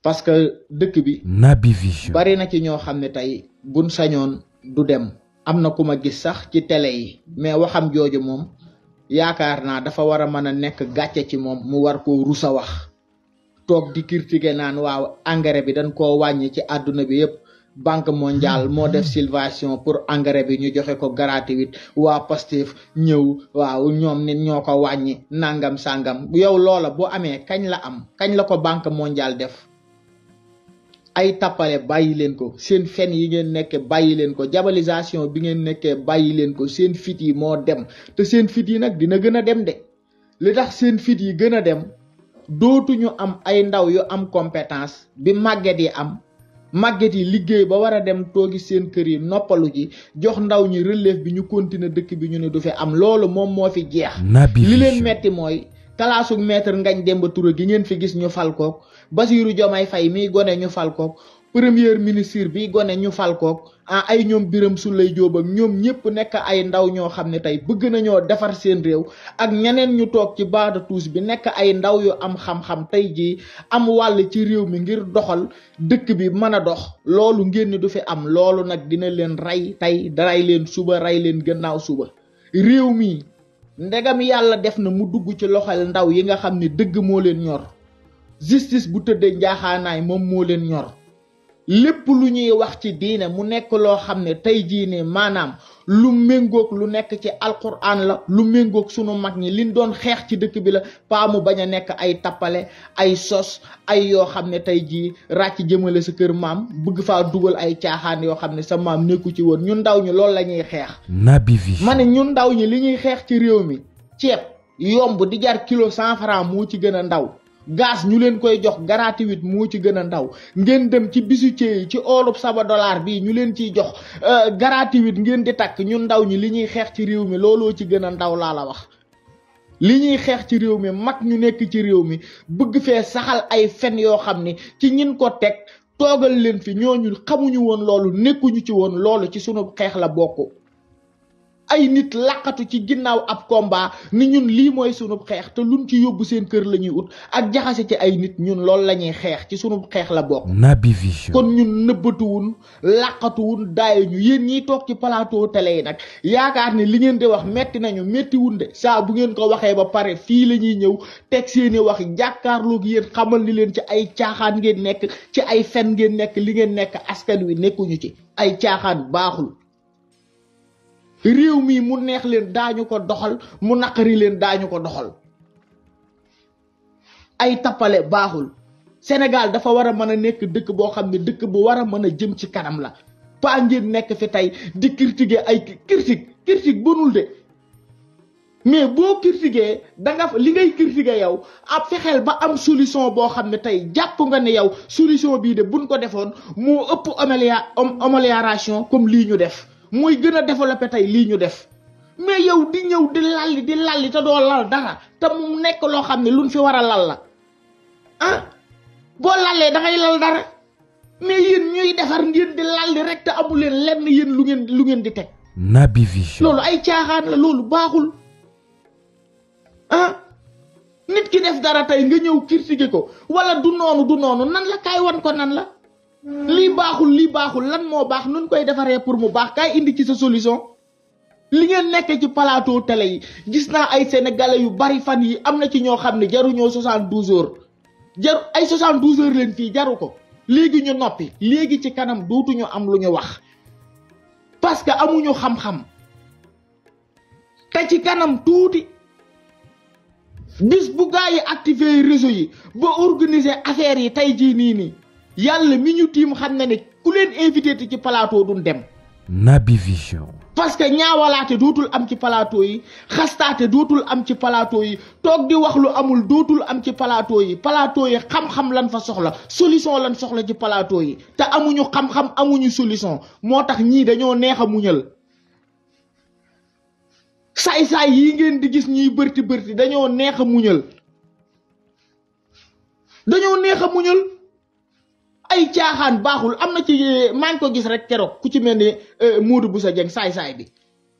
parce que dëkk bi. nabi Vision. bari na ci ñoo xam ne tey buñ sañoon du dem. am na ku ma gis sax ci télé yi. mais waxam jooju moom yaakaar naa dafa war a mën a nekk gàcce ci moom mu war koo rusa wax toog di critiquer naan waaw engrais bi dañ koo wàññi ci àdduna bi yépp banque mondiale moo def silvation pour engrais bi ñu joxe ko gratuit waa Pastef ñëw waaw ñoom nit ñoo ko wàññi nangam sangam yow loola bu amee kañ la am kañ la ko banque mondiale def. ay tappale bàyyi leen ko seen fen yi ngeen nekkee bàyyi leen ko jabalisation bi ngeen nekkee bàyyi leen ko seen fit yi moo dem te seen fit yi nag dina gën a dem de li tax seen fit yi gën a dem dootuñu am ay ndaw yu am compétence bi màgget yi am màgget yi liggéey ba war a dem toogi seen kër yi noppalu ji jox ndaw ñi relève bi ñu continuer dëkk bi ñu ne du fi am loolu moom moo fi jeex li leen metti mooy kalaasu maître ngañ Demba gi ngeen fi gis ñu fal koog Basirou Diomaye Faye miy gone ñu fal koog premier ministre bi gone ñu fal koog ah ay ñoom biram Souleye Diop ak ñoom ñëpp nekk ay ndaw ñoo xam ne tey bëgg nañoo defar seen réew ak ñeneen ñu toog ci base de tous bi nekk ay ndaw yu am xam-xam tey jii am wàll ci réew mi ngir doxal dëkk bi mën a dox loolu ngeen ni du fi am loolu nag dina leen rey tey daray leen suba rey leen gannaaw suba réew mi ndegam yàlla def na mu dugg ci loxol ndaw yi nga xam ne dëgg moo leen ñor justice bu tëddee njaaxaanaay moom moo leen ñor lépp lu ñuy wax ci diine mu nekk loo xam ne tey jii ne maanaam lu méngoog lu nekk ci alquran la lu méngoog sunu mag ñi liñ doon xeex ci dëkk bi la paa bañ a nekk ay tappale ay sos ay yoo xam ne tey jii ràcc jëmale sa kër maam bëgg faa dugal ay caaxaan yoo xam ne sa maam nekku ci woon ñun ndaw ñi loolu lañuy ñuy xeex Naby Vision ma ne ñun ndaw ñi li ñuy xeex ci réew mi ceeb yomb di jar kilo cent franc moo ci gën a ndaw gaz ñu leen koy jox gratuite moo ci gën a ndaw ngeen dem ci bisu yi ci oolub saba dollar bii ñu leen ciy jox euh, gratuite ngeen di takk ñun ndaw ñi li ñuy xeex ci réew mi looloo ci gën a ndaw laa la wax li ñuy xeex ci réew mi mag ñu nekk ci réew mi bëgg fee saxal ay fen yoo xam ni ci ñin ko teg toogal leen fi ñooñu xamuñu woon loolu nekkuñu ci woon loolu ci suñu xeex la bokk ay nit laqatu ci ginnaaw ab combat ni ñun lii mooy sunub xeex te luñ ci yóbbu seen kër la ñuy ut ak jaxase ci ay nit ñun loolu la ñuy xeex ci sunub xeex la bokk. Naby kon ñun nëbbatuwun laqatuwun daay ñu yéen ñiy toog ci plateau tele yi nag yaakaar ne li ngeen di wax metti nañu metti wun de saa bu ngeen ko waxee ba pare fii la ñuy ñëw teg seeni wax jàkkaarloog yéen xamal ni leen ci ay caaxaan ngeen nekk ci ay fen ngeen nekk li ngeen nekk askan wi nekkuñu ci ay caaxaan baaxul réew mii mu neex leen daañu ko doxal mu naqari leen daañu ko doxal ay tappale baaxul Sénégal dafa war a mën a nekk dëkk boo xam ne dëkk bu war a mën a jëm ci kanam la paa ngeen nekk fi tey di critiquer ay critique critique bonul de mais boo critiquer da nga li ngay critiquer yow ab fexeel ba am solution boo xam ne tey jàpp nga ne yow solution bii de buñ ko defoon moo ëpp amélioration comme lii ñu def mooy gën a développé tey lii ñu def mais yow di ñëw di lalli di lalli te doo lal dara te mu nekk loo xam ne luñ fi war a lal la ah boo lallee dangay lal dara mais yéen ñuy defar ngeen di lalli rek te amu leen lenn yéen lu ngeen lu ngeen di teg. Naby Vision. loolu ay caaxaan la loolu baaxul ah nit ki def dara tey nga ñëw critiquer ko wala du noonu du noonu nan la kaay wan ko nan la. lii baaxul lii baaxul lan moo baax nun koy defaree pour mu baax kaay indi ci sa solution li ngeen nekk ci plateau tele yi gis naa ay sénégalais yu bari fan yi am na ci ñoo xam ne jaruñoo soixante-douze heures jaru ay soixante-douze heures leen fii jaru ko léegi ñu noppi léegi ci kanam dootuñu am lu ñu wax parce que amuñu xam-xam te ci kanam tuuti bis bu gaa yi activer réseau yi ba organiser affaires yi tey jii nii nii yàlla mi ñu tiim xam na ne ku leen invité te ci plateau duñ dem. Naby Vision. parce que ñaawalaate dootul am ci palaato yi xastaate dootul am ci palaato yi toog di wax lu amul dootul am ci plateau yi plateau yi xam-xam lan fa soxla solution lan soxla ci plateau yi te amuñu xam-xam amuñu solution moo tax ñii dañoo neex a muñal saay-saay yi ngeen di gis ñuy bërti bërti dañoo neex a muñal dañoo neex a muñal. ay caaxaan baaxul am na ci eh, maa ngi ko gis rek keroog ku ci mel ne bu sa Dieng saay-saay bi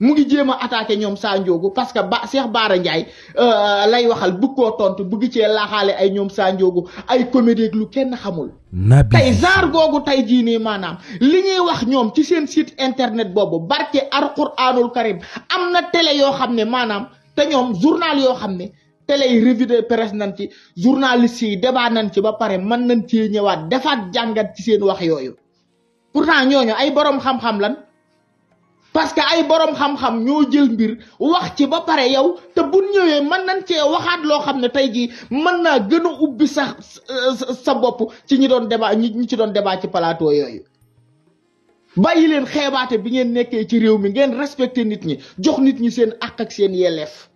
mu ngi jéem a attaqué ñoom saa njoogu parce que ba Cheikh Baara Ndiaye eh, lay waxal bëgg koo tontu bëgg ci laaxaale ay ñoom saa njoogu ay comédie ak lu kenn xamul. tey genre googu tey jii nii maanaam li ñuy wax ñoom ci seen site internet boobu barke alquraanul karim am na télé yoo xam ne maanaam te ñoom journal yoo xam ne. télé yi revue de nañ ci journalistes yi débat nañ ci ba pare mën nañ cee ñëwaat defaat jàngat ci seen wax yooyu pour pourtant ñooñu ay borom xam-xam lan parce que ay borom xam-xam ñoo jël mbir wax ci ba pare yow te bu ñëwee mën nañ cee waxaat loo xam ne tey jii mën naa gën a ubbi sax sa bopp ci ñi doon débat ñi ci doon débat ci plateau yooyu. bàyyi leen xeebaate bi ngeen nekkee ci réew mi ngeen respecté nit ñi jox nit ñi seen àq ak seen yelleef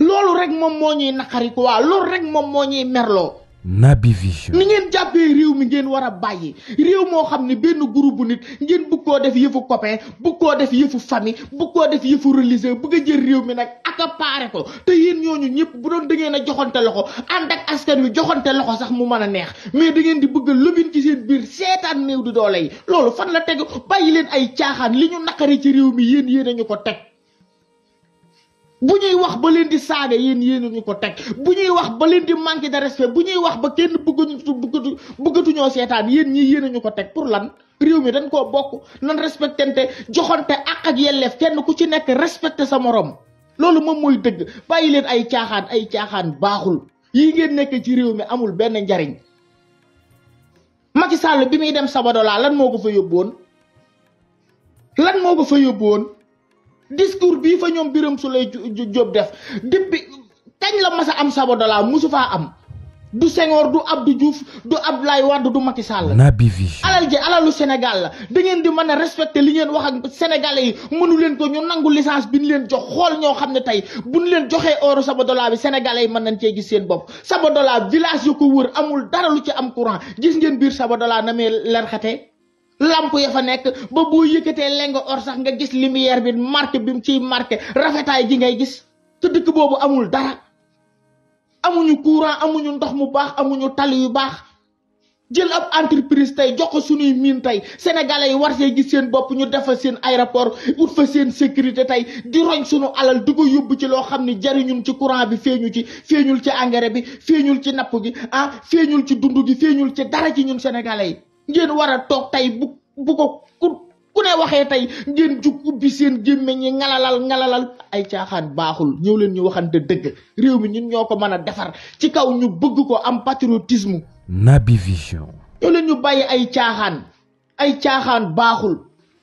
loolu rek moom moo ñuy naqari ko waa loolu rek moom moo ñuy merloo. Naby Vision. ni ngeen jàppee réew mi ngeen war a bàyyi réew moo xam ne benn groupe bu nit ngeen bëgg koo def yëfu copain bëgg koo def yëfu famille bëgg koo def yëfu religieux bëgg a jël réew mi nag accaparé ko te yéen ñooñu ñëpp bu doon da ngeen a joxante loxo ànd ak askan wi joxante loxo sax mu mën a neex mais da ngeen di bëgg lëbbin lobin ci seen biir seetaan néew di doole yi loolu fan la teg bàyyi leen ay caaxaan li ñu naqari ci réew mi yéen yéen a ñu ko teg. bu ñuy wax ba leen di saaga yéen yéen ñu ko teg bu ñuy wax ba leen di manquer de respect bu ñuy wax ba kenn bëggatu bëggatu bëggatuñoo seetaan yéen ñii yéen ñu ko teg pour lan réew mi dañ koo bokk nan respectante joxante ak ak yelleef kenn ku ci nekk respecté sa morom loolu moom mooy dëgg bàyyi leen ay caaxaan ay caaxaan baaxul yii ngeen nekk ci réew mi amul benn njariñ Macky Sall bi muy dem Sabadola lan moo ko fa yóbbu lan moo ko fa yóbbu discours bii fa ñoom biram Birame Souleye jóob def depuis kañ la mas a am Sabodala mosu faa am du Senghor du du juuf du Abdoulaye Wade du Macky Sall. Naby Vision alal ji alalu Sénégal la da ngeen di mën a respecté li ngeen wax ak sénégalais yi mënu leen ko ñu nangu licence bi ñu leen jox xool ñoo xam ne tey bu ñu leen joxee euro Sabodala bi sénégalais yi mën nañ cee gis seen bopp. Sabodala village yu ko wër amul dara lu ci am courant gis ngeen biir Sabodala na mee lerxate lamp ya fa nekk ba boo yëkkatee lengo or sax nga gis lumière bi marqué bi mu ciy marqué rafetaay ji ngay gis te dëkk boobu amul dara amuñu courant amuñu ndox mu baax amuñu tali yu baax jël ab entreprise tey jox ko suñuy miin tey sénégalais yi war see gis seen bopp ñu defal seen aéroport ut fa seen sécurité tey di roñ suñu alal di ko yóbbu ci loo xam ne jariñun ci courant bi feeñu ci feeñul ci engrais bi feeñul ci napp gi ah feeñul ci dund gi feeñul ci dara ci ñun sénégalais yi ngeen war a toog tey bu bu ko ku ku ne waxee tey ngeen jug ubbi seen gémmeñ ñi ngalalal ngalalal ay caaxaan baaxul ñëw leen ñu waxante dëgg réew mi ñun ñoo ko mën a defar ci kaw ñu bëgg ko am patriotisme. Naby Vision. ñëw leen ñu bàyyi ay caaxaan ay caaxaan baaxul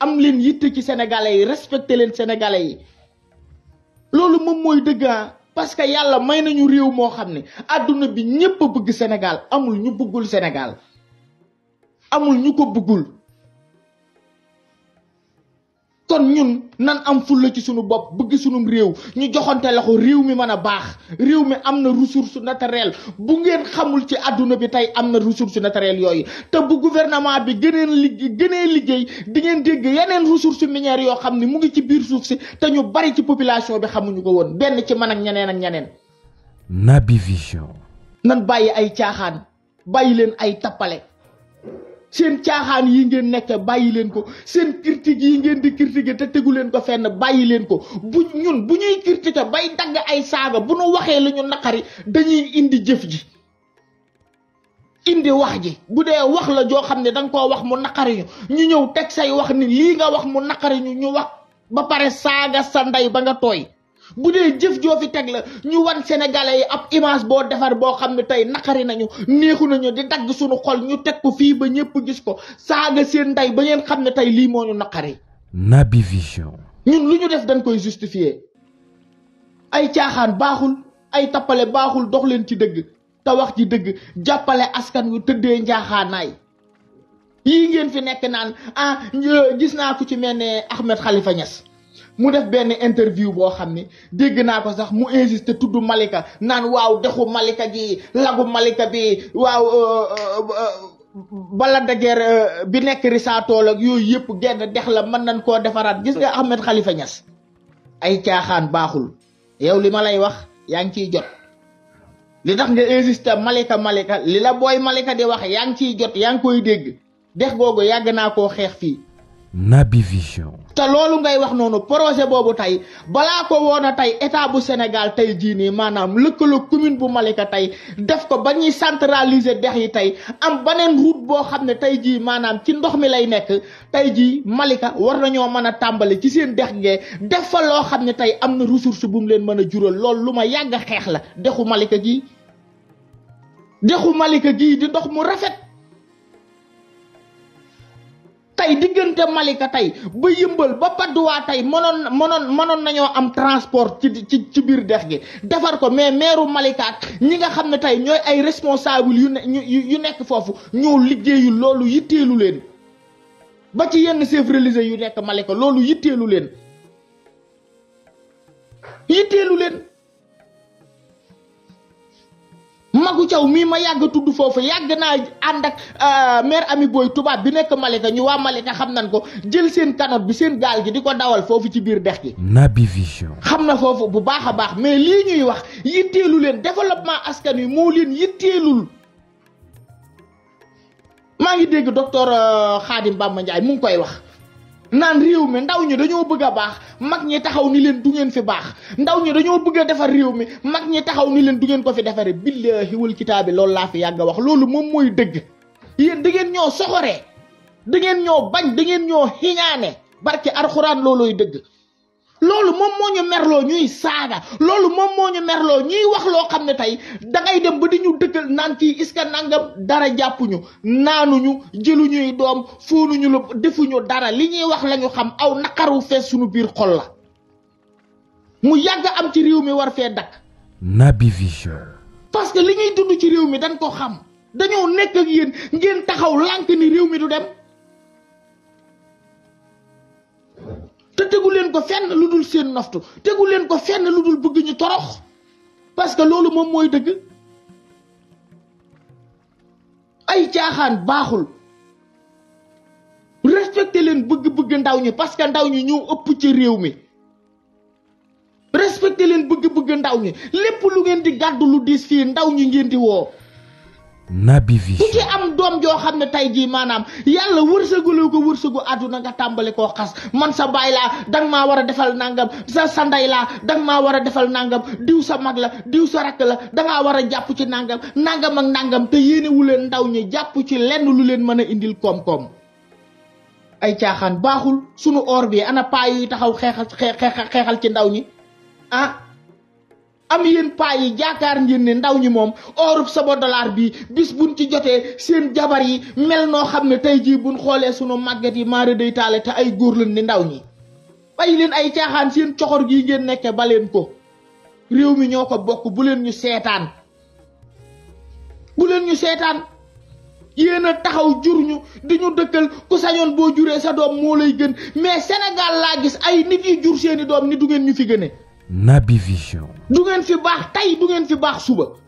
am leen yitte ci sénégalais yi respecté leen sénégalais yi loolu moom mooy dëgg ah. parce que yàlla may nañu réew moo xam ne àdduna bi ñëpp a bëgg Sénégal amul ñu bëggul Sénégal. amul ñu ko bëggul kon ñun nan am fulla ci suñu bopp bëgg sunum réew ñu joxante loxo réew mi mën a baax réew mi am na ressource naturelle bu ngeen xamul ci àdduna bi tey am na ressource naturelle yooyu te bu gouvernement bi gëneen liggéey gënee liggéey di ngeen dégg yeneen ressource minière yoo xam ne mu ngi ci biir suuf si te ñu bari ci population bi xamuñu ko woon benn ci mën ak ñeneen ak ñeneen Naby Vision nan bàyyi ay caaxaan bàyyi leen ay tappale seen caaxaan yi ngeen nekk bàyyi leen ko seen critique yi ngeen di critiquer te tegu leen ko fenn bàyyi leen ko bu ñun bu ñuy critiquer bay dagg ay saaga bu nu waxee lu naqari dañuy indi jëf ji indi wax ji bu dee wax la joo xam ne danga koo wax mu naqari ñu ñu ñëw teg say wax ni lii nga wax mu naqari ñu ñu wax ba pare saaga sa ndey ba nga tooy bu dee jëf joo fi teg la ñu wan sénégalais yi ab image boo defar boo xam ne tey naqari nañu neexu nañu di dagg suñu xol ñu teg ko fii ba ñëpp gis ko saaga seen ndey ba ngeen xam ne tey lii moo ñu naqari. Naby Vision. ñun lu ñu def dañ koy justifier ay caaxaan baaxul ay tappale baaxul dox leen ci dëgg te wax ci dëgg jàppale askan wi tëddee njaaxaanaay yii ngeen fi nekk naan ah, gis naa ku ci mel ne Ahmed xalifa Niass. mu def benn interview boo xam ni dégg naa ko sax mu insisté tudd Malika naan waaw dexu Malika ji lagu Malika bi waaw euh, euh, bala dajeer euh, bi nekk risaatool ak yooyu yëpp genn dex la mën nañ koo defaraat gis nga Ahmed xalifa Niass ay caaxaan baaxul yow li ma lay wax yaa ngi ciy jot li tax nga insisté Malika Malika li la booy Malika di wax yaa ngi ciy jot yaa ngi koy dégg dex googu yàgg naa koo xeex fii te loolu ngay wax noonu projet boobu tey balaa ko woon a tey état bu Sénégal tey jii nii maanaam lëkkaloo commune bu Malika tey def ko ba ñuy centraliser dex yi tey am beneen route boo xam ne tey jii maanaam ci ndox mi lay nekk tey jii Malika war nañoo mën a tàmbali ci seen dex gee def fa loo xam ne tey am na ressource bu mu leen mën a jural lool lu ma yàgg xeex la dexu Malika gii dexu Malika gii di ndox mu rafet. tey diggante Malika tey ba yëmbal ba Padois tey mënoon mënoon mënoon nañoo am transport ci ci ci biir dex gi defar ko mais meeru Malika ñi nga xam ne tey ñooy ay responsable yu ne yu nekk foofu ñoo liggéeyul loolu yitteelu leen ba ci yenn chef religieux yu nekk Malika loolu yitteelu leen yitteelu leen. magu caw mii ma yàgg tudd foofu yàgg naa ànd ak euh, maire ami booy tubaab bi nekk Malika ñu waa Malika xam nañ ko jël seen kanoot bi seen gaal gi di ko dawal foofu ci biir dex gi. Naby Vision. xam na foofu bu baax a baax mais lii ñuy wax yitteelu leen développement askan wi moo leen yitteelul. maa ngi dégg docteur euh, Khadim Bamba Ndiaye mu ngi koy wax naan réew mi ndaw ñi dañoo bëgg a baax mag ñi taxaw ni leen du ngeen fi baax ndaw ñi dañoo bëgg a defar réew mi mag ñi taxaw ni leen du ngeen ko fi defaree billaahi wal kitaabi loolu laa fi yàgg a wax loolu moom mooy dëgg yéen da ngeen ñoo soxoree da ngeen ñoo bañ da ngeen ñoo xiñaane barke arxuraan loolooy dëgg lolou mom moñu merlo ñuy saga lolou mom moñu merlo ñuy wax lo xamne tay da ngay dem ba di ñu dëkkal naan kii nangam dara jappuñu naanuñu jëluñu doom fóonuñu lu defuñu dara li ñuy wax lañu xam aw nakaru fe suñu bir xol la mu yagg am ci réew mi war fe dak nabi vision parce que li ñuy dund ci réew mi dañ ko xam dañu nekk ak yeen ngeen taxaw lank ni mi du dem te tegu len ko fenn lu dul seen noftu tegu len ko fenn lu bëgg ñu torox parce que lolu mom moy deug ay jaxaan baxul respecté len bëgg-bëgg ndaw ñi parce que ndaw ñi ñu upp ci réew mi respecté len bëgg-bëgg ndaw ñi lepp lu ngeen di gaddu lu diis fii ndaw ñi ngeen di woo Naby Vision ku ci am doom joo xam ne tey jii maanaam yàlla wërsëguloo ko wërsëgu àdduna nga tàmbali koo xas man sa baay laa danga maa war a defal nangam sa sa laa danga maa war a defal nangam diw sa mag la diw sa rakk la dangaa war a jàpp ci nangam nangam ak nangam te yéenewu leen ndaw ñi jàpp ci lenn lu leen mën a indil koom-koom ay caaxaan baaxul sunu or bi ana paa yuy taxaw xeexal xeexal ci ndaw ñi ah, am yéen paa yi jaakaar ngeen ne ndaw ñi moom orub sabo dollar bi bis buñ ci jotee seen jabar yi mel noo xam ne tey jii buñ xoolee sunu màgget yi maara day taale te ay góor lañ ni ndaw ñi bàyyi leen ay caaxaan seen coxor gii ngeen nekke ba leen ko réew mi ñoo ko bokk bu leen ñu seetaan bu leen ñu seetaan yéen a taxaw jur ñu di ñu dëkkal ku sañoon boo juree sa doom moo lay gën mais Sénégal laa gis ay nit yi jur seeni doom ni du ngeen ñu fi gëne Naby Vision. du ngeen fi baax tey du ngeen fi baax suba.